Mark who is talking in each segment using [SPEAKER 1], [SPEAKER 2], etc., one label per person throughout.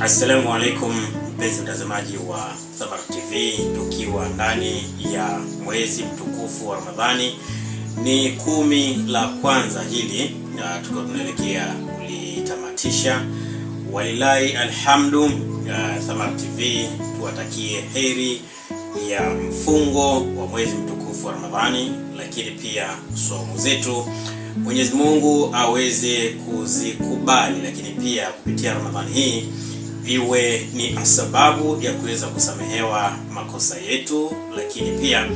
[SPEAKER 1] Assalamu alaikum mpenzi mtazamaji wa Thabar TV, tukiwa ndani ya mwezi mtukufu wa Ramadhani, ni kumi la kwanza hili, na tukiwa tunaelekea kulitamatisha. Walilahi alhamdu. Thabar TV tuwatakie heri ya mfungo wa mwezi mtukufu wa Ramadhani, lakini pia somo zetu Mwenyezi Mungu aweze kuzikubali, lakini pia kupitia Ramadhani hii iwe ni sababu ya kuweza kusamehewa makosa yetu, lakini pia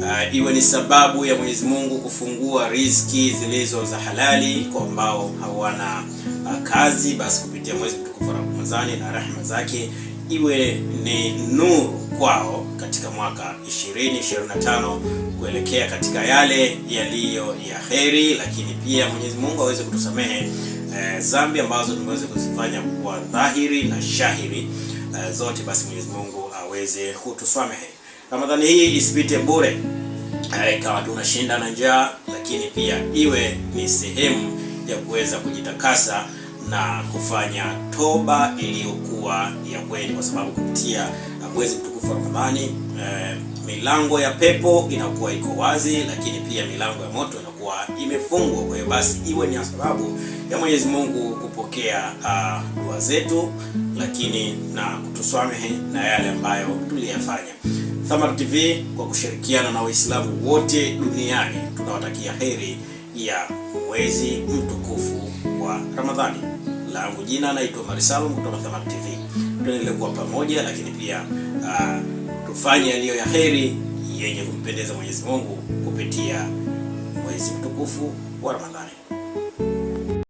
[SPEAKER 1] uh, iwe ni sababu ya Mwenyezi Mungu kufungua riziki zilizo za halali kwa ambao hawana uh, kazi, basi kupitia mwezi mtukufu wa Ramadhani na rahma zake iwe ni nuru kwao katika mwaka 2025 kuelekea katika yale yaliyo ya heri, lakini pia Mwenyezi Mungu aweze kutusamehe eh, zambi ambazo tumeweza kuzifanya kwa dhahiri na shahiri eh, zote, basi Mwenyezi Mungu aweze kutusamehe. Ramadhani hii isipite bure, eh, ikawa tunashinda na njaa, lakini pia iwe ni sehemu ya kuweza kujitakasa na kufanya toba iliyokuwa ya kweli, kwa sababu kupitia mwezi mtukufu wa Ramadhani eh, milango ya pepo inakuwa iko wazi, lakini pia milango ya moto inakuwa imefungwa. Kwa hiyo basi iwe ni sababu ya Mwenyezi Mungu kupokea uh, dua zetu, lakini na kutuswamehe na yale ambayo tuliyafanya. Thamar TV kwa kushirikiana na Waislamu wote duniani tunawatakia heri ya mwezi mtukufu wa Ramadhani. Langu jina naitwa Marisalum kutoka Thamar TV tuendelee kuwa pamoja, lakini pia uh, tufanye yaliyo ya heri yenye kumpendeza Mwenyezi Mungu kupitia mwezi mtukufu wa Ramadhani.